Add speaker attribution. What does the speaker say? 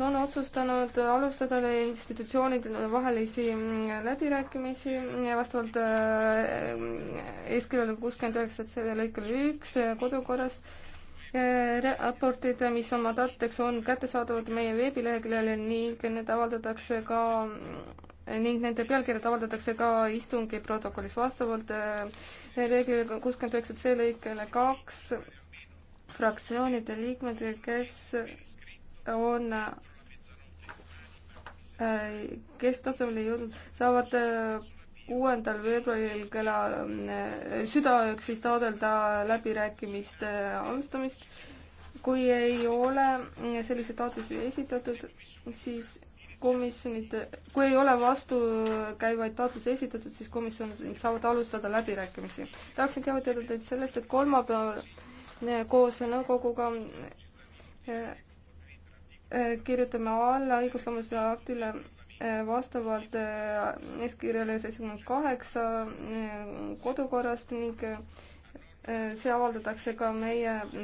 Speaker 1: on otsustanud alustada institutsioonide vahelisi mm, läbirääkimisi vastavalt äh, eeskirjale kuuskümmend üheksa lõikele üks äh, kodukorrast. Äh, raportid, mis on mandaatideks, on kättesaadavad meie veebileheküljel ning need avaldatakse ka mm, ning nende pealkirjad avaldatakse ka istungi protokollis vastavalt reeglile kuuskümmend üheksa C lõikele kaks fraktsioonide liikmed, kes on äh, kesktasemele jõudnud, saavad kuuendal äh, veebruaril kella äh, südaööks siis taotleda läbirääkimiste alustamist. kui ei ole selliseid taotlusi esitatud, siis komisjonid, kui ei ole vastukäivaid taotlusi esitatud, siis komisjonid saavad alustada läbirääkimisi. tahaksin teavitada teid sellest, et kolmapäeval koos nõukoguga kirjutame alla õigusloomulisele aktile äh, vastavalt äh, eeskirjale seitsekümmend kaheksa äh, kodukorrast ning see avaldatakse
Speaker 2: ka meie